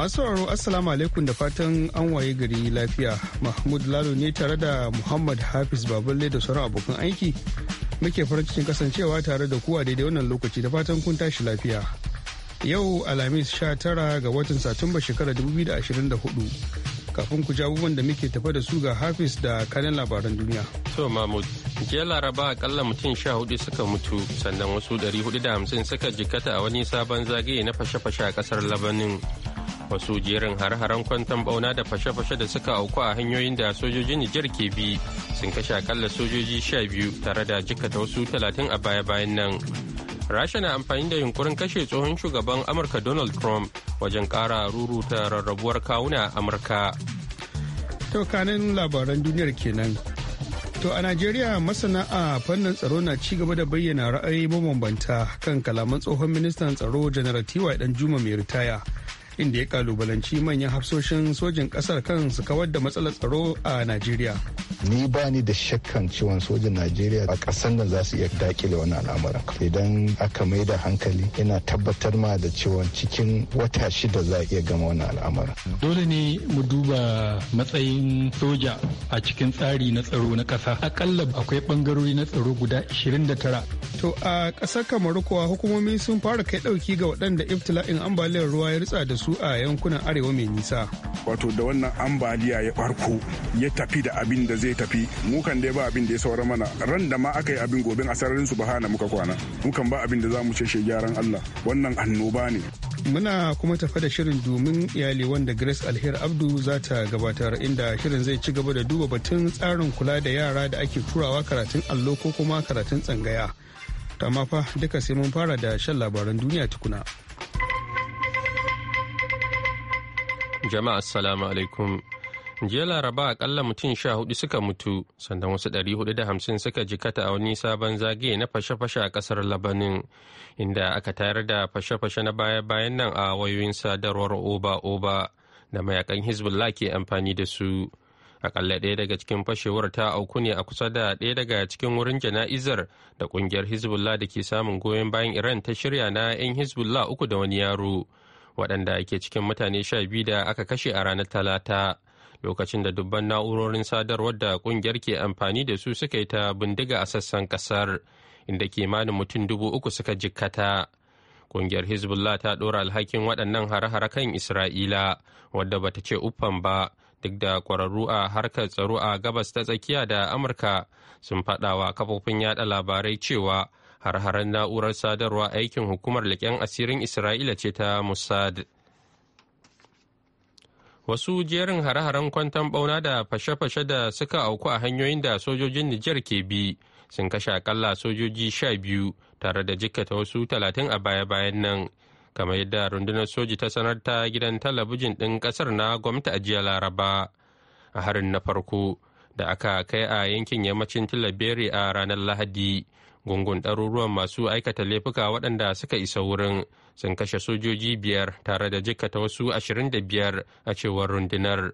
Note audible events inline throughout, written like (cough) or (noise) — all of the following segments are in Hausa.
Masu sauraro Assalamu alaikum da fatan an waye gari lafiya. Mahmud Lalo ne tare da Muhammad Hafiz Baballe da sauran abokan aiki. Muke farin cikin kasancewa tare da kuwa daidai wannan lokaci da fatan kun tashi lafiya. Yau Alhamis tara ga watan Satumba shekarar 2024. kafin ku ji abubuwan da muke tafa da su ga hafiz da kanin labaran duniya. To Mahmud, jiya Laraba akalla mutum sha hudu suka mutu sannan wasu ɗari hudu da hamsin suka jikkata a wani sabon zagaye na fashe-fashe a kasar Labanin faso jerin har-haren kwantan bauna da fashe-fashe da suka auku a hanyoyin da sojojin nijar ke bi sun kashe akalla sojoji sha biyu tare da ta wasu talatin a baya-bayan nan rasha na amfani da yunkurin kashe tsohon shugaban amurka donald trump wajen kara ruruta rarrabuwar kawuna a amurka to kanin labaran duniyar kenan To a Najeriya masana a fannin tsaro na ci gaba da bayyana ra'ayi mabambanta kan kalaman tsohon ministan tsaro janar Tiwa dan Juma mai ritaya inda ya kalubalanci manyan hafsoshin sojin kasar kan su kawar da matsalar tsaro a najeriya ni ba ni da shakkan ciwon sojin najeriya a kasan nan za su iya dakile wani al'amuran idan aka mai da hankali ina tabbatar ma da ciwon cikin wata shida za a iya gama wani al'amuran dole ne mu duba matsayin soja a cikin tsari na tsaro na kasa akalla akwai bangarori na tsaro guda 29 to a ƙasar kamaru kuwa hukumomi sun fara kai ɗauki ga waɗanda iftila'in ambaliyar ruwa ya ritsa da su su a yankunan arewa mai nisa. Wato da wannan ambaliya ya barko ya tafi da abin da zai tafi mukan dai ba abin da ya saura mana ran da ma aka yi abin gobe a sararin su bahana muka kwana mukan ba abin da za mu ce shi gyaran Allah wannan annoba ne. Muna kuma tafa da shirin domin iyali wanda Grace Alher Abdu za ta gabatar inda shirin zai ci gaba da duba batun tsarin kula da yara da ake turawa karatun allo ko kuma karatun tsangaya. Tamafa duka sai mun fara da shan labaran duniya tukuna. Jama'a assalamu alaikum. Jiya Laraba akalla mutum sha hudu suka mutu sannan wasu ɗari hudu da hamsin suka jikata a wani sabon zage na fashe-fashe a ƙasar Labanin inda aka tayar da fashe-fashe na baya-bayan nan a wayoyin sadarwar oba-oba da mayakan Hezbollah ke amfani da su. akalla ɗaya daga cikin fashewar ta auku ne a kusa da ɗaya daga cikin wurin jana'izar da ƙungiyar hezbollah da ke samun goyon bayan iran ta shirya na 'yan hezbollah uku da wani yaro waɗanda ake cikin mutane sha biyu da aka kashe a ranar talata lokacin da dubban na'urorin sadarwar da ƙungiyar ke amfani da su suka yi ta bindiga a sassan ƙasar inda kimanin mutum dubu uku suka jikkata ƙungiyar hezbollah ta ɗora alhakin waɗannan hare-hare kan isra'ila wadda bata ce uffan ba duk da ƙwararru a harkar tsaro a gabas ta tsakiya da amurka sun faɗawa kafofin yaɗa labarai cewa har-haren na'urar sadarwa aikin hukumar leƙen asirin isra'ila ce ta mossad wasu jerin har haren kwantan bauna da fashe-fashe da suka auku a hanyoyin da sojojin nijar ke bi sun kashe akalla sojoji sha biyu tare da jikkata wasu talatin a baya-bayan nan kamar yadda rundunar soji ta sanar ta gidan talabijin ɗin ƙasar na gwamnati a jiya laraba a harin na farko da aka kai a yankin yammacin tilaberi a ranar lahadi gungun ɗaruruwan masu aikata laifuka waɗanda suka isa wurin sun kashe sojoji biyar tare da jikkata wasu ashirin da biyar a cewar rundunar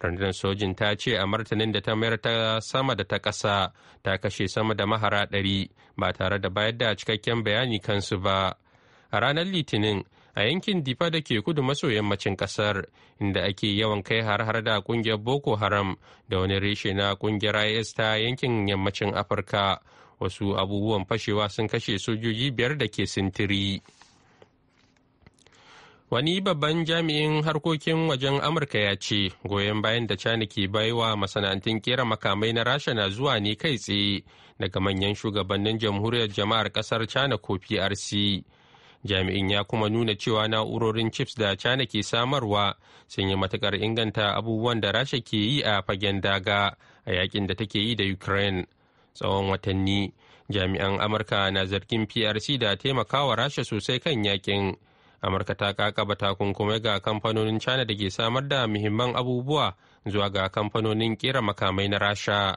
rundunar sojin ta ce a martanin da ta mayar ta sama da ta ƙasa ta kashe sama da mahara ɗari ba tare da bayar da cikakken bayani kansu ba a ranar litinin a yankin difa da ke kudu maso yammacin kasar inda ake yawan kai har-har da kungiyar boko haram da wani reshe na kungiyar is ta yankin yammacin afirka wasu abubuwan fashewa sun kashe sojoji biyar da ke sintiri wani babban jami'in harkokin wajen amurka ya ce goyon bayan da china ke baiwa masana'antun kera makamai na rasha na zuwa ne kai tsaye daga manyan shugabannin jamhuriyar jama'ar kasar china ko prc jami'in ya kuma nuna cewa na'urorin chips da china ke samarwa sun yi matukar inganta abubuwan da rasha ke yi a fagen daga a yakin da take yi da ukraine tsawon watanni jami'an amurka na zargin prc da taimakawa rasha sosai kan yakin amurka ta kakaba takunkumai ga kamfanonin china da ke samar da muhimman abubuwa zuwa ga kamfanonin kera makamai na rasha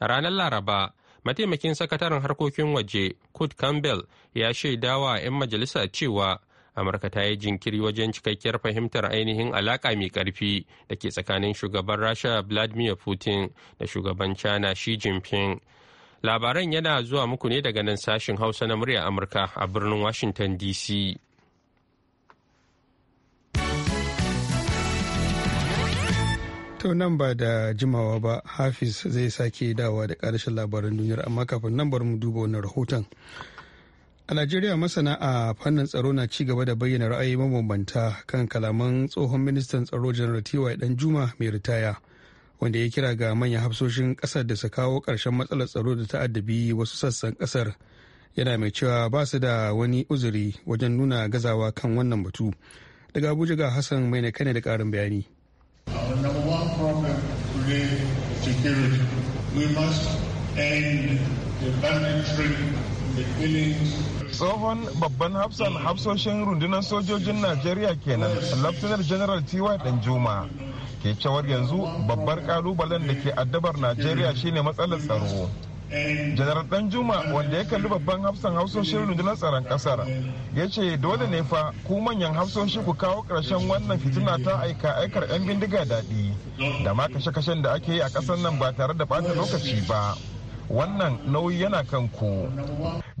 a ranar laraba mataimakin sakataren harkokin waje kurt campbell ya shaidawa 'yan majalisa cewa amurka ta yi jinkiri wajen cikakkiyar fahimtar ainihin alaƙa mai ƙarfi da ke tsakanin shugaban rasha vladimir putin da shugaban china xi jinping Labaran yana zuwa muku ne daga nan sashin Hausa na murya Amurka a birnin Washington DC. To nan ba da jimawa ba Hafiz zai sake dawa da karshen labaran duniyar amma kafin nan bar mu duba wannan rahoton. A Najeriya masana a fannin tsaro na ci gaba da bayyana ra'ayi mabambanta kan kalaman tsohon ministan tsaro janar Tiwa Juma mai ritaya. wanda ya kira ga manyan hafsoshin kasar da su kawo ƙarshen matsalar tsaro da ta'addabi wasu sassan kasar yana mai cewa ba su da wani uzuri wajen nuna gazawa kan wannan batu daga abuja ga hassan mai na kane da ƙarin bayani tsohon babban hafsan hafsoshin rundunar sojojin najeriya kenan laftanar general ty danjuma ke cewar yanzu babbar kalubalen da ke addabar najeriya shine matsalar tsaro janar dan juma wanda ya kalli babban hafsan hafsoshin rundunar tsaron kasar ya ce dole ne fa ku manyan hafsoshi ku kawo ƙarshen wannan fitina ta aika aikar 'yan bindiga daɗi da ma kashe-kashen da ake yi a ƙasar nan ba tare da bata lokaci ba wannan nauyi yana kan ku.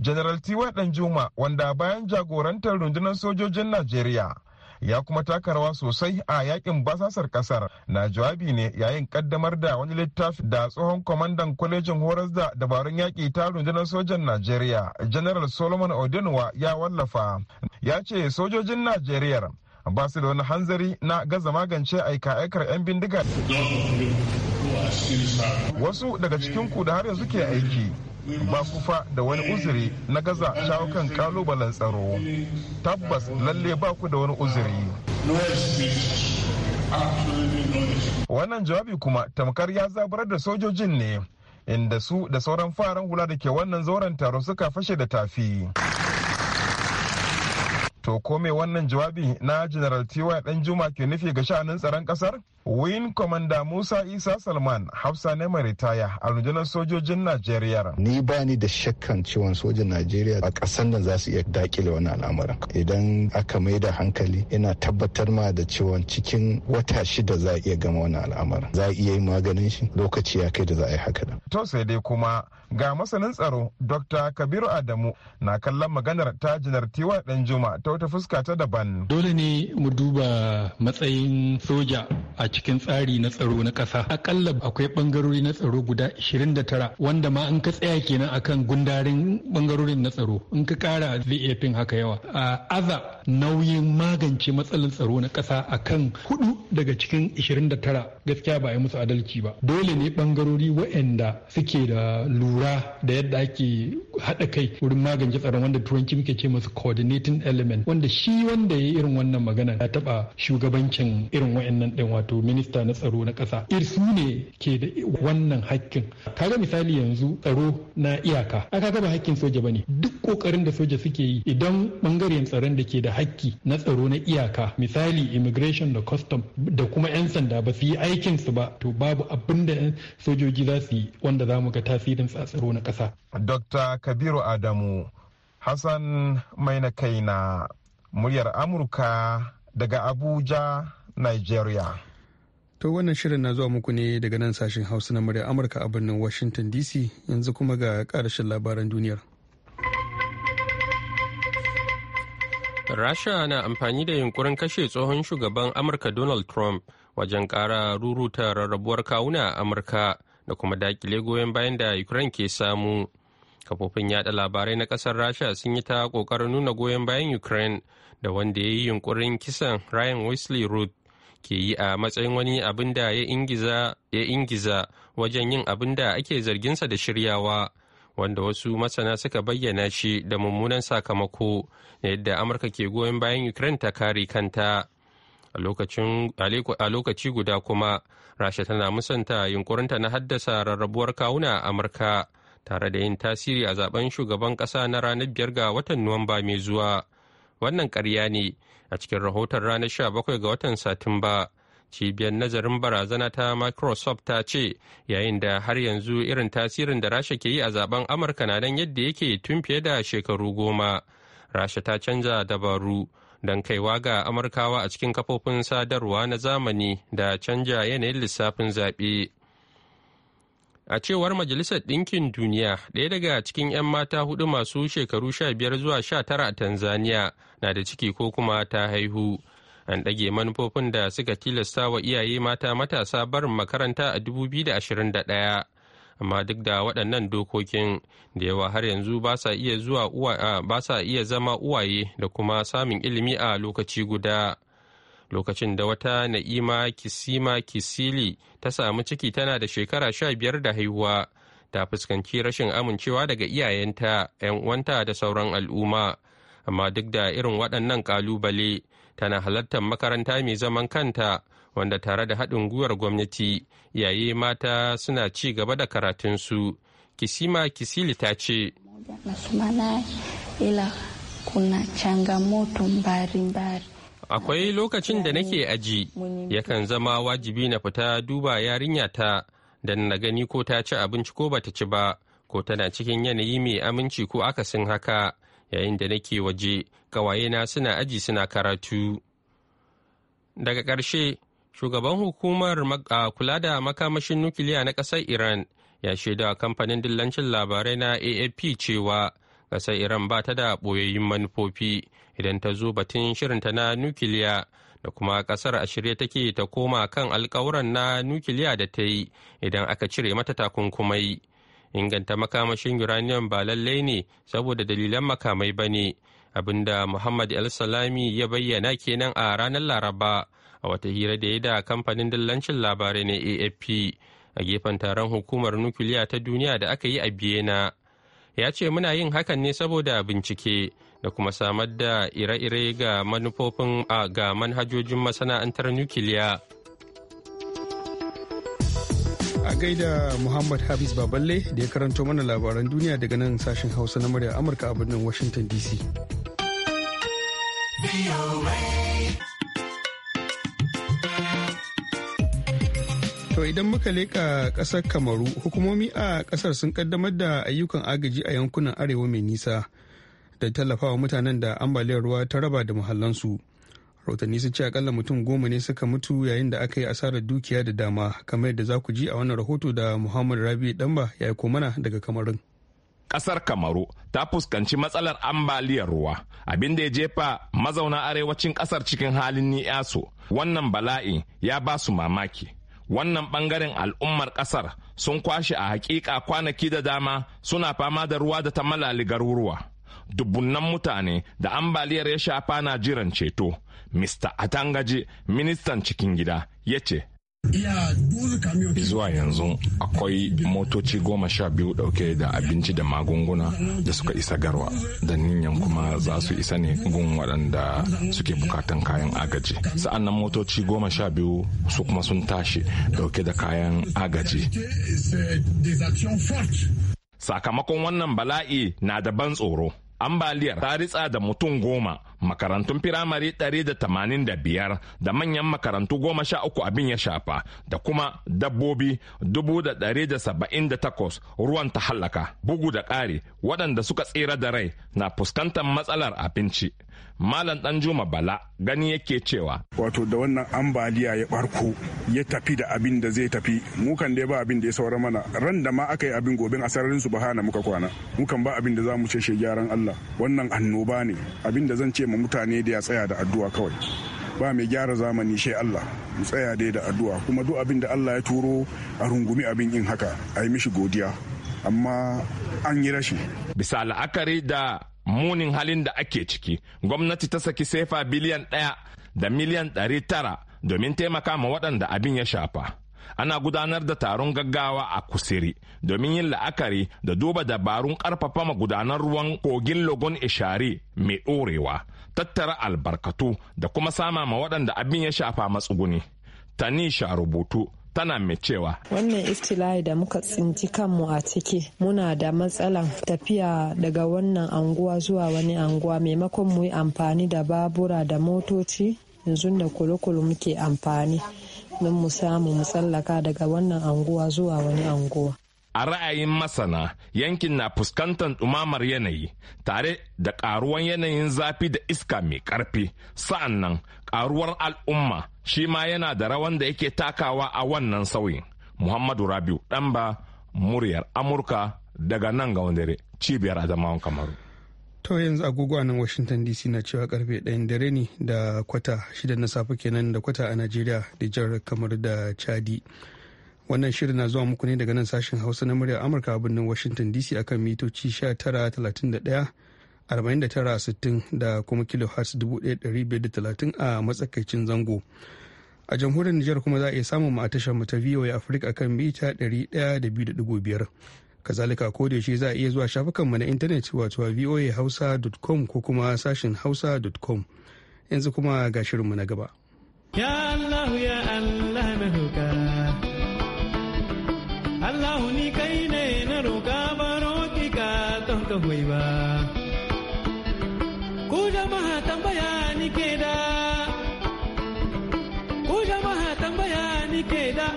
General Tiwa Danjuma wanda bayan jagorantar rundunar sojojin Najeriya ya kuma taka rawa sosai a yakin basasar kasar na jawabi ne yayin kaddamar da wani littafi da tsohon kwamandan kwalejin horas da dabarun yaƙi ta rundunar sojan najeriya general solomon odinwa ya wallafa ya ce sojojin najeriya ba su da wani hanzari na gaza magance aika aikar 'yan bindiga Wasu daga cikin ku da har yanzu ke aiki ba ku fa da wani uzuri na gaza shawo kan kalubalen tsaro. Tabbas lalle ba ku da wani uzuri. Wannan jawabi kuma tamkar ya zabar da sojojin ne inda su da sauran faran hula da ke wannan zauren taron suka fashe da tafi. To ko me wannan jawabi na General Tiwa Juma ke nufi ga sha'anin tsaron kasar? Win Kwamanda Musa Isa Salman Hafsa ne mai ritaya a rundunar sojojin Najeriya. Ni ba ni da shakkan cewa sojin Najeriya a ƙasar nan za su iya dakile wani al'amarin. Idan aka mai da hankali ina tabbatar ma da cewa cikin wata shida za a iya gama wani al'amarin. Za a iya yi maganin shi lokaci ya kai da za a yi haka da. To sai dai kuma ga masanin tsaro Dr. Kabiru Adamu na kallon maganar ta Janar Tiwa Danjuma ta ta wata fuska ta daban. Dole ne mu duba matsayin soja a cikin tsari na tsaro na ƙasa. Akalla akwai ɓangarori na tsaro guda 29 wanda ma in ka tsaya kenan akan gundarin bangarorin na tsaro in ka ƙara zai iya fin haka yawa. A aza nauyin magance matsalar tsaro na ƙasa akan hudu daga cikin 29 gaskiya ba a yi musu adalci ba. Dole ne ɓangarori waɗanda suke da lura da yadda ake haɗa kai wurin magance tsaron wanda turanci muke ce masu coordinating element kenan wanda shi wanda ya yi irin wannan magana ya taba shugabancin irin wayannan din wato minista na tsaro na kasa irsu ne ke da wannan hakkin kaga misali yanzu tsaro na iyaka aka gaba hakkin soja bane duk kokarin da soja suke yi idan bangaren tsaron da ke da hakki na tsaro na iyaka misali immigration da custom da kuma yan sanda ba su yi aikin su ba to babu abin da sojoji za su yi wanda za mu ga tasirin tsaro na kasa dr kabiru adamu hassan mai na kaina muryar Amurka daga Abuja, Nigeria. To wannan shirin na zuwa muku ne daga nan sashen Hausa na muryar Amurka a birnin Washington DC yanzu kuma ga ƙarashin labaran duniyar. Rasha na amfani da yunkurin kashe tsohon shugaban Amurka Donald Trump wajen ƙara ruruta rarrabuwar kawuna a Amurka da kuma dakile goyon bayan da Ukraine ke samu. kafofin yada labarai na kasar rasha sun yi ta kokarin nuna goyon bayan ukraine da wanda ya yi yunkurin kisan ryan wesley root ke yi a matsayin wani abin da ya ingiza wajen yin abin da ake zarginsa da shiryawa wanda wasu masana suka bayyana shi da mummunan sakamako na yadda amurka ke goyon bayan ukraine ta kare kanta a lokaci guda kuma rasha tana musanta yunkurinta na haddasa rarrabuwar kawuna a amurka tare da yin tasiri a zaben shugaban ƙasa na ranar biyar ga watan Nuwamba mai zuwa. Wannan ƙarya ne a cikin rahoton ranar 17 ga watan Satumba. Cibiyar nazarin barazana ta Microsoft ta ce yayin da har yanzu irin tasirin da Rasha ke yi a zaben Amurka na nan yadda yake tun fiye da shekaru goma. Rasha ta canza dabaru. don kaiwa ga amurkawa a cikin kafofin sadarwa na zamani da canja yanayin lissafin zaɓe. A cewar Majalisar Ɗinkin Duniya, ɗaya daga cikin 'yan mata hudu masu shekaru 15 zuwa sha tara a Tanzania na da ciki ko kuma ta haihu. An ɗage manufofin da suka tilasta wa iyaye mata matasa barin makaranta a da ɗaya, Amma duk da waɗannan dokokin da yawa har yanzu ba sa iya zama uwaye da kuma samun ilimi a lokaci guda. lokacin da wata na'ima kisima kisili ta samu ciki tana da shekara sha biyar da haihuwa ta fuskanci rashin amincewa daga iyayenta 'yan uwanta da sauran al'umma amma duk da irin waɗannan ƙalubale tana halartar makaranta mai zaman kanta wanda tare da haɗin gwiwar gwamnati iyaye mata suna ci gaba da karatunsu kisima kisili ta ce kuna changamoto mbari Akwai lokacin da nake aji, yakan zama wajibi na fita duba yarinya ta don na gani ko ta ci abinci ko bata ci ba, ko tana cikin yanayi mai aminci ko akasin haka, yayin da nake waje, ƙawayena suna aji suna karatu. Daga ƙarshe, shugaban hukumar kula da makamashin nukiliya na ƙasar Iran ya shaida kamfanin dillancin labarai na AFP cewa ƙasar Iran ba ta da ɓoyayyun manufofi. idan ta zo batun shirinta na nukiliya da kuma kasar a shirye take ta koma kan alkawuran na nukiliya da ta yi idan aka cire mata takunkumai inganta makamashin uranium ba lallai ne saboda dalilan makamai ba ne abinda muhammad el salami ya bayyana kenan a ranar laraba a wata hira da ya da kamfanin dillancin labarai na afp a gefen taron hukumar nukiliya ta duniya da aka yi a biyena ya ce muna yin hakan ne saboda bincike da kuma samar da ire-ire ga manufofin a ga manhajojin masana'antar nukiliya. A gaida Muhammad Hafiz Baballe da ya karanto mana labaran duniya daga nan sashen Hausa na murya Amurka a birnin Washington DC. To idan muka leka ƙasar Kamaru, hukumomi a ƙasar sun kaddamar da ayyukan agaji a yankunan arewa mai nisa. da tallafawa mutanen da ambaliyar ruwa ta raba da muhallansu rahotanni sun ce akalla mutum goma ne suka mutu yayin da aka yi asarar dukiya da dama kamar yadda za ku ji a wannan rahoto da muhammad rabi damba ya yi komana daga kamarin kasar kamaru ta fuskanci matsalar ambaliyar ruwa abinda ya jefa mazauna arewacin kasar cikin halin su wannan bala'i ya ba su mamaki wannan bangaren al'ummar kasar sun kwashe a hakika kwanaki da dama suna fama da ruwa da ta malali garuruwa dubunnan mutane da ambaliyar ya shafa na jiran ceto mr atangaji ministan cikin gida ya ce zuwa yanzu akwai motoci goma sha biyu dauke da abinci da magunguna da suka isa garwa da ninyan kuma za su isa ne gun waɗanda suke bukatan kayan agaji sa'an nan motoci goma sha biyu su kuma sun tashi dauke da kayan agaji sakamakon wannan bala'i na da ban tsoro ambaliyar ta ritsa da mutum goma makarantun firamare 185 da manyan makarantu goma sha uku abin ya shafa da kuma dabbobi 178 ruwan ta hallaka bugu da ƙari waɗanda suka tsira da rai na fuskantar matsalar abinci malam dan juma bala gani yake cewa wato da wannan ambaliya ya barko ya tafi da abin da zai tafi mukan dai ba abin da ya saura mana ran da ma aka yi abin gobe a sararin su hana muka kwana mukan ba abin da za mu ce shi gyaran allah wannan annoba ne abin da zan ce ma mutane da ya tsaya da addu'a kawai ba mai gyara zamani shi Allah mu tsaya dai da addu'a kuma duk abin da Allah ya turo a rungumi abin yin haka a yi mishi godiya amma an yi rashi bisa la'akari da munin halin da ake ciki gwamnati ta saki sefa biliyan ɗaya da miliyan ɗari tara domin taimaka ma waɗanda abin ya shafa ana gudanar da taron gaggawa a kusiri domin yin la'akari da duba dabarun karfafa gudanar ruwan kogin logon ishari mai ɗorewa tattara albarkatu da kuma sama ma waɗanda abin ya shafa matsuguni. Tanisha rubutu tana mai cewa wannan iftila'i da muka tsinci kanmu a ciki muna da matsalan tafiya daga wannan anguwa zuwa wani anguwa maimakon mu yi amfani da babura da motoci yanzu da kulukulu muke amfani don mu samu mu tsallaka daga wannan anguwa zuwa wani anguwa a ra'ayin masana yankin na fuskantar dumamar yanayi tare da ƙaruwan yanayin zafi da iska mai ƙarfi sa'an nan ƙaruwar al'umma shi ma yana da rawan da yake takawa a wannan sauyin muhammadu rabiu ɗanba muryar amurka daga nan ga wandare cibiyar adamawan kamaru to yanzu agogo a nan washington dc na cewa karfe ɗayan dare ne da kwata shida na safe kenan da kwata a najeriya da jihar kamar da chadi Wannan shirin na zuwa muku ne daga nan sashen Hausa na muryar Amurka a birnin Washington DC akan mitoci 1931 4960 da kuma kilohertz 1530 a matsakaicin zango. A jamhuriyar Nijar kuma za a iya samun mu a tashar mu ta VOA Africa akan mita 102.5. Kazalika ko da yaushe za a iya zuwa shafukanmu na intanet wato hausa.com ko kuma sashin hausa.com. Yanzu kuma ga shirinmu na gaba. Ya Allah ya Allah na Allah ni kai ne na roƙa baro ki ka don ka hoyi ba. Ku jama'a tambaya ni ke da, ku jama'a tambaya ni ke da.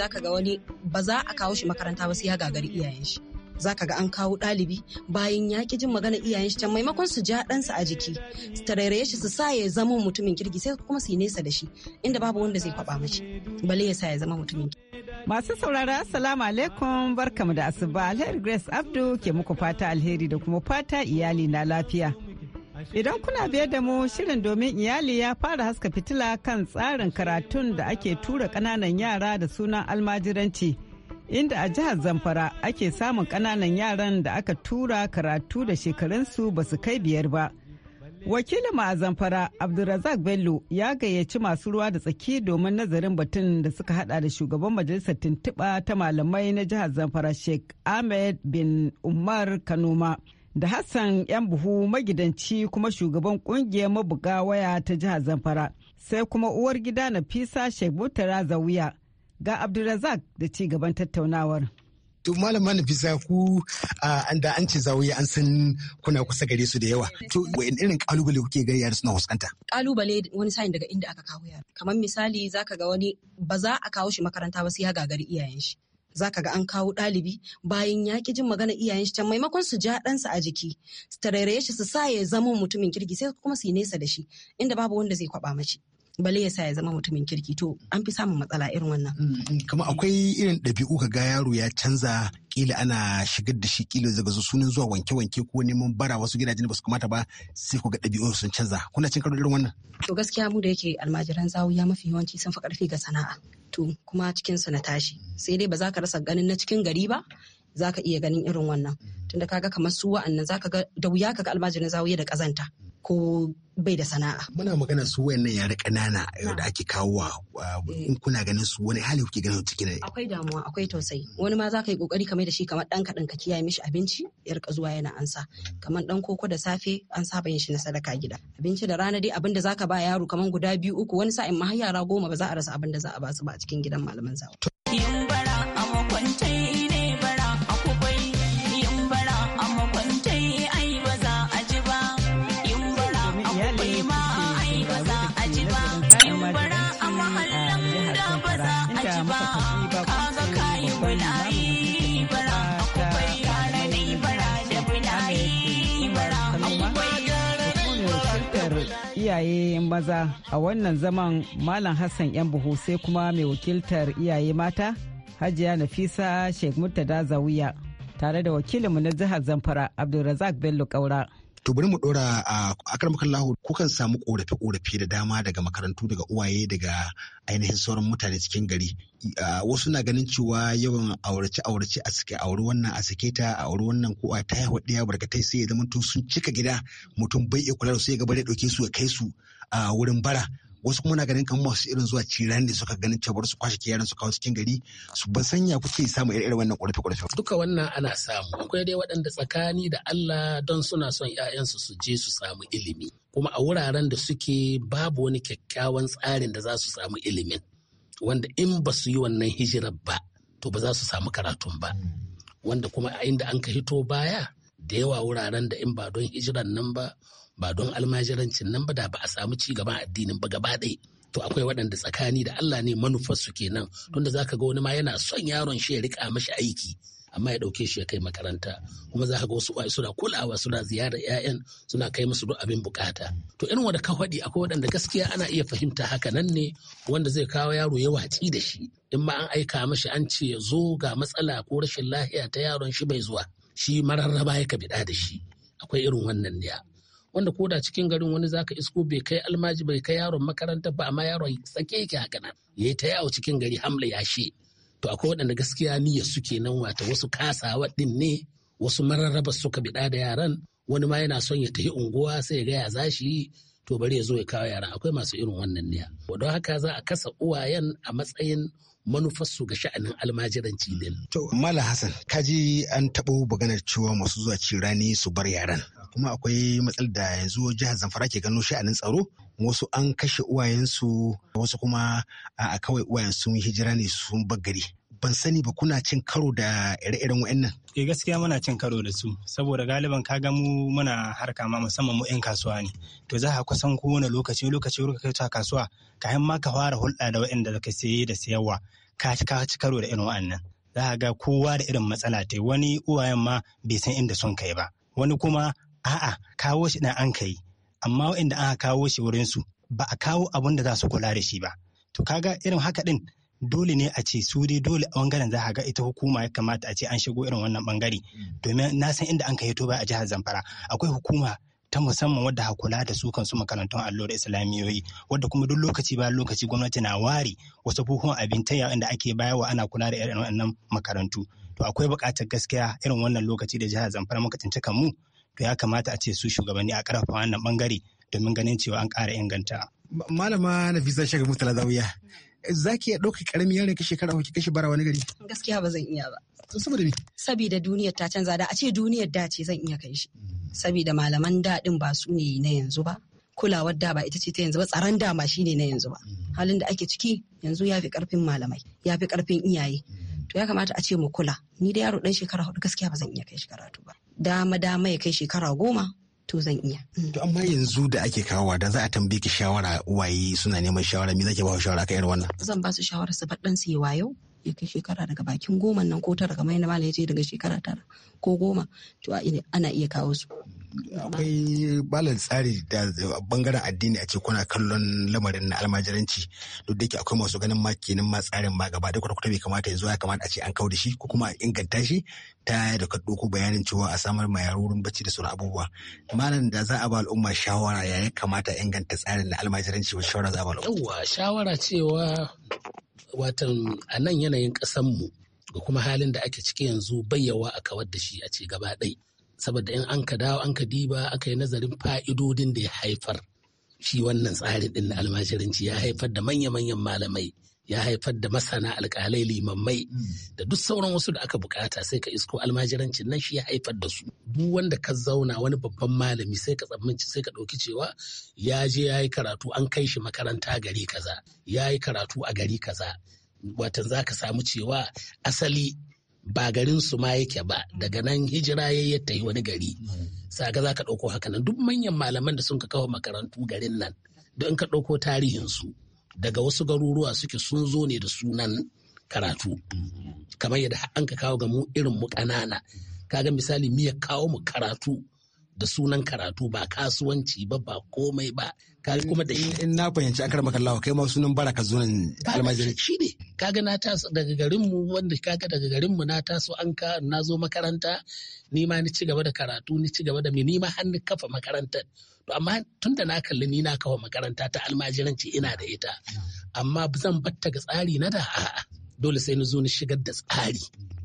Za ka ga wani ba za a kawo shi makaranta ba sai ya gagari iyayen shi. zaka ga an kawo ɗalibi bayan ya ki jin magana iyayen shi can maimakon su ja ɗansa a jiki su tarairaye shi su sa ya zama mutumin kirki sai kuma su yi nesa da shi inda babu wanda zai kwaba mashi bale ya sa ya zama mutumin kirki. Masu saurara Assalamu alaikum barkamu da asuba alheri Grace Abdu ke muku fata alheri da kuma fata iyali na lafiya. Idan kuna biye da mu shirin domin iyali ya fara haska fitila kan tsarin karatun da ake tura ƙananan yara da sunan almajiranci. inda a jihar zamfara ake samun ƙananan yaran da aka tura karatu da shekarunsu ba su kai biyar ba wakilin ma a zamfara abdulrazak bello ya gayyaci masu ruwa da tsaki domin nazarin batun da suka hada da shugaban majalisar tuntuɓa ta malamai na jihar zamfara sheikh ahmed bin umar kanoma da Hassan yan buhu magidanci kuma shugaban kungiyar mabuga waya ta jihar Zamfara sai kuma uwar gida na fisa Sheikh mutara Zawiya Ga Abdulrazak da ci gaban tattaunawar. to malama nafisa ku an da an ce zawoyi an san kuna kusa gare su da yawa to wayan irin kalubale kuke gari yara suna fuskanta kalubale wani sa'in daga inda aka kawo yara kamar misali zaka ga wani ba za a kawo shi makaranta ba sai ya gagari iyayen shi zaka ga an kawo ɗalibi bayan ya ƙi jin magana iyayen shi can maimakon su ja ɗansa a jiki su tarairaye shi su sa ya zama mutumin kirki sai kuma su yi nesa da shi inda babu wanda zai kwaɓa mace bale ya sa ya zama mutumin kirki to an fi samun matsala irin wannan mm, mm. kuma akwai irin ɗabi'u ka ga yaro ya canza kila ana shigar da shi kila daga sunan zuwa wanke-wanke ko neman bara wasu gidajen da basu kamata ba sai ku ga ɗabi'u sun canza kuna cin karo irin wannan to gaskiya mu da yake almajiran ya mafi yawanci sun fi ƙarfi ga sana'a to kuma cikin su na tashi sai dai ba za ka rasa ganin na cikin gari ba za ka iya ganin irin wannan tunda kaga kamar su wa'annan za ka ga da wuya ka ga almajirin zawiya da ƙazanta ko bai da sana'a. Muna magana su wayannan yare ƙanana eh, ah. da ake kawowa eh, eh. in kuna ganin su wani hali kuke ganin ne. Akwai damuwa akwai tausayi wani ma za ka yi kokari kamar da shi kamar ɗan kaɗan ka kiyaye mishi abinci ya rika zuwa yana ansa kamar ɗan koko da safe an saba yin shi na sadaka gida abinci da rana dai abin da za ka ba yaro kamar guda biyu uku wani sa'in ma har yara goma ba za a rasa abin da za a ba su ba a cikin gidan malaman zawo. iyaye maza a wannan zaman malam hassan yan buhu sai kuma mai wakiltar iyaye mata hajiya nafisa sheikh murtada zawiya tare da wakilinmu na jihar zamfara abdulrazak bello kaura To bari mu dora a akar makallahu kukan samu korafe-korafe da dama daga makarantu daga uwaye daga ainihin sauran mutane cikin gari. Wasu na ganin cewa yawan aurace-aurace a suke auri wannan a sake ta a auri wannan ko a taya wa ɗaya barkatai sai ya zama tun sun cika gida mutum bai ya kula da su ya gaba da ɗauke su ya kai su a wurin bara wasu kuma na ganin kan masu irin zuwa ciran ne suka ganin cewa su kwashe kiyaran su kawo cikin gari su ban sanya kuke samu irin wannan kwarfe-kwarfe ƙorafe duka wannan ana samu akwai dai waɗanda tsakani da Allah don suna son ƴaƴansu su je su samu ilimi kuma a wuraren da suke babu wani kyakkyawan tsarin da za su samu ilimin wanda in ba su yi wannan hijirar ba to ba za su samu karatun ba wanda kuma a inda an ka hito baya da yawa wuraren da in ba don hijirar nan ba ba don almajirancin nan ba da ba a samu ci gaban addinin ba gaba ɗaya to akwai waɗanda tsakani da Allah ne manufar suke kenan tunda zaka ga wani ma yana son yaron shi ya rika mashi aiki amma ya ɗauke shi ya kai makaranta kuma zaka ga wasu uwaye suna kulawa suna ziyarar 'ya'yan suna kai musu duk abin bukata to irin wanda ka faɗi akwai waɗanda gaskiya ana iya fahimta haka nan ne wanda zai kawo yaro ya watsi da shi in ma an aika mashi an ce ya zo ga matsala ko rashin lahiya ta yaron shi bai zuwa shi mararraba ya biɗa da shi akwai irin wannan ne wanda ko da cikin garin wani zaka isko bai kai almaji bai kai yaron makaranta ba amma yaron sake yake haka nan yayi ta yawo cikin gari hamla ya to akwai waɗanda gaskiya niyya suke nan wata wasu kasawa din ne wasu mararraba suka biɗa da yaran wani ma yana son ya tafi unguwa sai ya ga ya zashi to bari ya zo ya kawo yaran akwai masu irin wannan niyya don haka za a kasa uwayen a matsayin manufarsu ga sha'anin almajiranci ne. To Mala Hassan kaji an taɓo maganar cewa masu zuwa ci rani su bar yaran kuma akwai matsal da yanzu jihar Zamfara ke gano sha'anin tsaro wasu an kashe uwayensu wasu kuma a kawai uwayen sun hijira ne sun bagari ban sani ba kuna cin karo da ire-iren wa'annan? Ke eh, gaskiya muna cin karo da su saboda galiban ka ga mu muna harka ma musamman mu 'yan kasuwa ne. To za ka kusan kowane lokaci lokaci ka kai ta kasuwa kayan ma ka fara hulɗa da wa'anda da ka saye da sayarwa ka ci karo da irin wa'annan. Za ka ga kowa da irin matsala ta wani uwayen ma bai san inda sun kai ba. Wani kuma a'a kawo shi dan an kai amma wa'anda aka kawo shi wurin su ba a kawo abun da za su kula da shi ba. To kaga irin haka din dole ne a ce su dai dole a bangaren za a ga ita hukuma ya kamata a ce an shigo irin wannan bangare mm. domin na san inda an kai to ba a jihar Zamfara akwai hukuma ta musamman wadda ha kula da su kansu makarantun allo da islamiyoyi wadda kuma duk lokaci bayan lokaci gwamnati na ware wasu buhun abin taya inda ake bayarwa ana kula da irin wannan makarantu to akwai bukatar gaskiya irin wannan lokaci da jihar Zamfara muka tsinci kanmu to ya kamata a ce su shugabanni a ƙarfafa wannan bangare domin ganin cewa an ƙara inganta. Malama Nafisa shiga mutala Zawiya, za ki ɗauki ƙaramin yaron ka shekara ki kashe bara wani gari gaskiya ba zan iya ba saboda me saboda duniyar ta canza da a ce duniyar da ce zan iya kai shi mm. saboda malaman daɗin ba su ne na yanzu ba kulawar da ba ita ce ta yanzu ba tsaron da shi shine na yanzu ba mm. halin da ake ciki yanzu ya fi ƙarfin malamai ya fi ƙarfin iyaye mm. to ya kamata a ce mu kula ni da yaro ɗan shekara hudu gaskiya ba zan iya kai shi karatu ba dama dama ya kai shekara goma to zan iya. Mm. To amma yanzu da ake kawowa da za a tambaye ki shawara waye suna neman shawara me zake ba ku shawara irin wannan? Zan ba su shawara su bar su yi wayo ya kai shekara daga bakin goma nan ko tara kamar yadda malam ya ce daga shekara tara ko goma to ana iya kawo su akwai balar tsari da bangaren addini a ce kuna kallon lamarin na almajiranci duk da ke akwai masu ganin ma kenan ma tsarin ma gaba da kwata bai kamata ya zo ya kamata a ce an kawo da shi ko kuma a inganta shi ta da ka ɗauko bayanin cewa a samar ma yaro wurin bacci da sauran abubuwa malam da za a ba al'umma shawara ya ya kamata inganta tsarin na almajiranci wa shawara za a ba al'umma. yawwa shawara cewa watan a nan yanayin ƙasanmu da kuma halin da ake ciki yanzu bayyawa a kawar da shi a ce gaba ɗaya saboda in an ka dawo an ka diba aka yi nazarin fa'idodin da ya haifar shi wannan tsarin din na almajiranci ya haifar da manya-manyan malamai ya haifar da masana alkalai limammai da duk sauran wasu da aka bukata sai ka isko almajiranci nan shi ya haifar da su duk wanda ka zauna wani babban malami sai ka tsammanci sai ka ɗauki cewa ya je ya yi karatu an kai shi makaranta gari kaza ya yi karatu a gari kaza watan za ka samu cewa asali ba garin su ma yake ba daga nan hijira ya yi ta yi wani gari saka za ka ɗauko haka nan duk manyan malaman da sun ka kawo makarantu garin nan don ka ɗauko tarihinsu daga wasu garuruwa suke sun zo ne da sunan karatu kamar yadda an ka kawo ga mu irin mu ƙanana kaga misali miya kawo mu karatu da sunan karatu ba kasuwanci ba ba komai ba kaga kuma da in na fahimci akar makallawa kai ma sunan baraka zunan almajiri shi ne kaga na taso daga garin mu wanda kaga daga garin mu na taso an ka na zo makaranta ni ma ni ci gaba da karatu ni ci gaba da ni ma har ni kafa makarantar to amma tun da na kalli ni na kafa makaranta ta almajiranci ina da ita amma zan batta ga tsari na da a'a dole sai ni zo ni shigar da tsari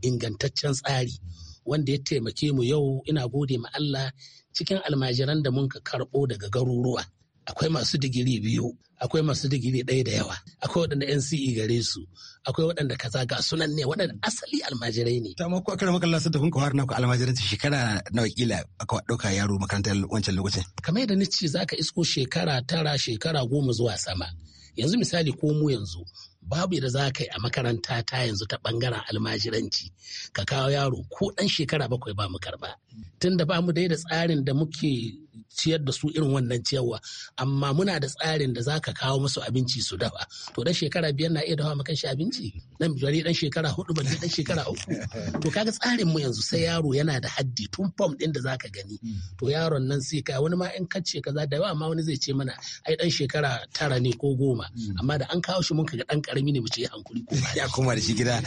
ingantaccen tsari wanda ya taimake mu yau ina gode ma Allah cikin almajiran da mun ka karɓo daga garuruwa akwai masu digiri biyu akwai masu digiri ɗaya da yawa akwai waɗanda NCE gare su akwai waɗanda kaza ga sunan ne waɗanda asali almajirai ne ta mako akwai maka lasa da kun kawar na ku ta shekara nawa kila aka ɗauka yaro makarantar wancan lokacin kamar yadda ni ce ka isko shekara tara shekara goma zuwa sama yanzu misali ko mu yanzu babu yadda za ka yi a makaranta ta yanzu ta bangaren almajiranci ka kawo yaro ko dan shekara bakwai ba mu karba tun da ba mu dai da tsarin da muke ciyar da su irin wannan ciyarwa amma muna da tsarin da za ka kawo musu abinci su dafa to dan shekara biyar na iya dafa maka shi abinci nan biyar dan shekara hudu balle dan shekara uku (laughs) to kaga tsarin mu yanzu sai yaro yana da haddi tun fom din da zaka gani mm. to yaron nan sai ka wani ma in kace kaza da yawa ma wani zai ce mana ai dan shekara tara ne ko goma mm. amma da an kawo shi mun kaga dan karami ne mace ya hankuri ko ya koma da shi gida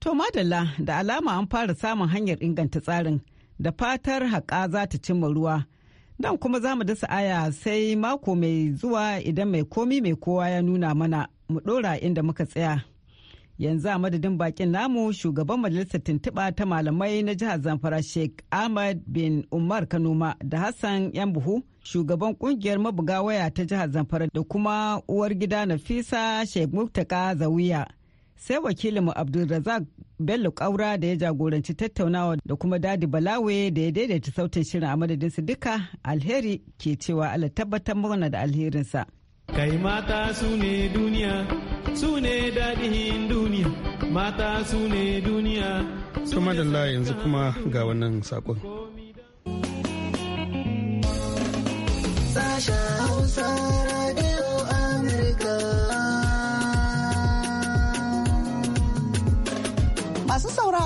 to madalla da alama an fara samun hanyar inganta tsarin da fatar haƙa za ta cimma ruwa dan kuma za mu dasa aya sai mako mai zuwa idan mai komi mai kowa ya nuna mana mu ɗora inda muka tsaya yanzu a madadin bakin namu shugaban majalisar tuntuɓa ta malamai na jihar zamfara sheikh ahmad bin umar kanuma da hassan yan buhu shugaban kungiyar mabuga waya ta jihar zamfara da kuma uwar gida nafisa sheikh muftaka zawiya sai wakilinmu abdulrazak bello kaura da ya jagoranci tattaunawa da kuma dadi balawe da ya daidaita sautin shirin a madadinsu duka alheri ke cewa ala tabbatar mana da alherinsa kai mata su ne duniya su ne daɗin duniya mata su ne duniya su madalla yanzu kuma ga wannan sakon Sasha Hausa Radio Masu sauraro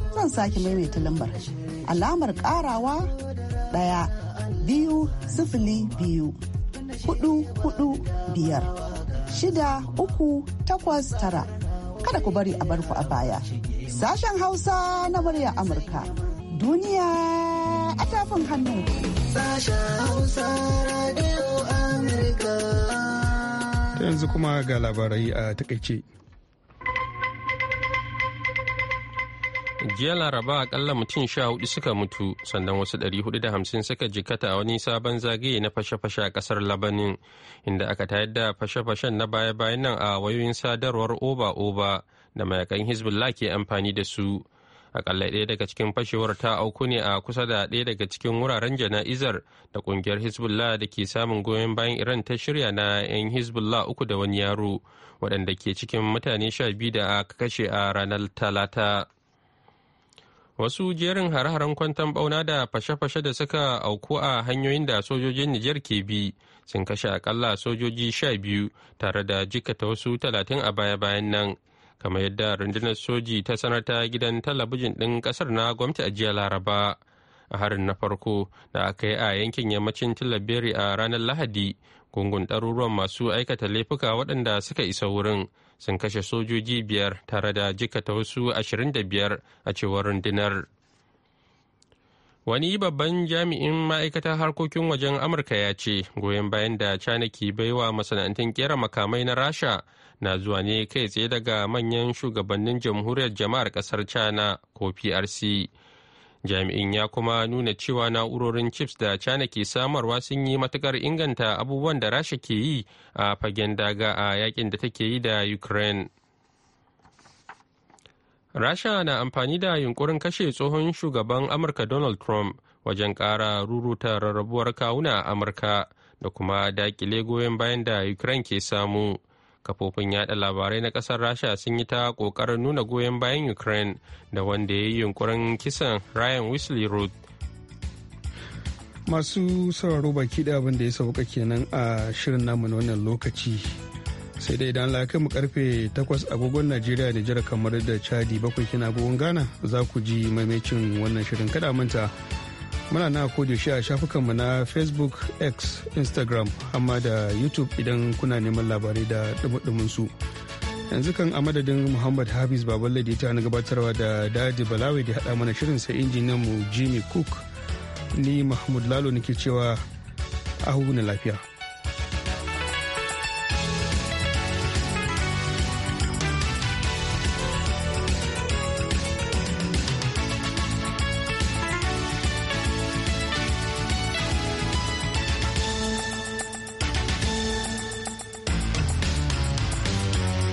zan sake maimaita lambar alamar karawa ɗaya biyu sifili biyu hudu hudu biyar shida uku takwas tara kada ku bari a barku a baya sashen hausa na murya amurka duniya a tafin hannu yanzu kuma ga labarai a takaice jiya laraba akalla mutum sha hudu suka mutu sannan wasu ɗari da hudu hamsin suka jikata wani sabon zagaye na fashe-fashe a ƙasar labanin inda aka tayar da fashe-fashen na baya-bayan nan a wayoyin sadarwar oba-oba da mayakan hezbollah ke amfani da su akalla ɗaya daga cikin fashewar ta auku ne a kusa da ɗaya daga cikin wuraren jana'izar da ƙungiyar hezbollah da ke samun goyon bayan iran ta shirya na 'yan hezbollah uku da wani yaro waɗanda ke cikin mutane sha biyu da aka kashe a ranar talata wasu jerin hare-haren kwantan bauna da fashe-fashe da suka auku a hanyoyin da sojojin Nijar ke bi sun kashe akalla sojoji sha biyu tare da jikata wasu talatin a baya-bayan nan kamar yadda rundunar soji ta sanar ta gidan talabijin ɗin ƙasar na gwamnati a jiya laraba a harin na farko da aka yi a yankin yammacin tilaberi a ranar lahadi gungun ɗaruruwan masu aikata laifuka waɗanda suka isa wurin sun kashe sojoji biyar tare da jikata wasu ashirin da biyar a cewar rundunar. Wani babban jami'in ma'aikatar harkokin wajen Amurka ya ce goyon bayan da China ke baiwa masana'antun kera makamai na Rasha na zuwa ne kai tsaye daga manyan shugabannin jamhuriyar jama'ar kasar China ko PRC jami'in ya kuma nuna cewa na'urorin chips da china ke samarwa sun yi matukar inganta abubuwan da rasha ke yi a fagen daga a yakin da take yi da ukraine rasha na amfani da yunkurin kashe tsohon shugaban amurka donald trump wajen ƙara ruruta rarrabuwar kawuna a amurka da kuma dakile goyon bayan da ukraine ke samu kafofin yada labarai na kasar rasha sun yi ta kokarin nuna goyon bayan ukraine da wanda ya yi yunkurin kisan ryan wesley roth masu sauraro baki da abin da ya sauka kenan a shirin namu na wannan lokaci sai dai idan lakai mu karfe 8 agogon najeriya da jira kamar da chadi bakwai kina agogon ghana za ku ji maimacin wannan shirin kada manta muna na kodi shi a shafukanmu na facebook x instagram amma da youtube idan kuna neman labarai da dumudumin su yanzu kan a madadin muhammad hafiz baballe ladi ta na gabatarwa da daji balawai da haɗa mana shirin sai injiniyan mu jimmy cook ni mahmud lalo nake cewa a lafiya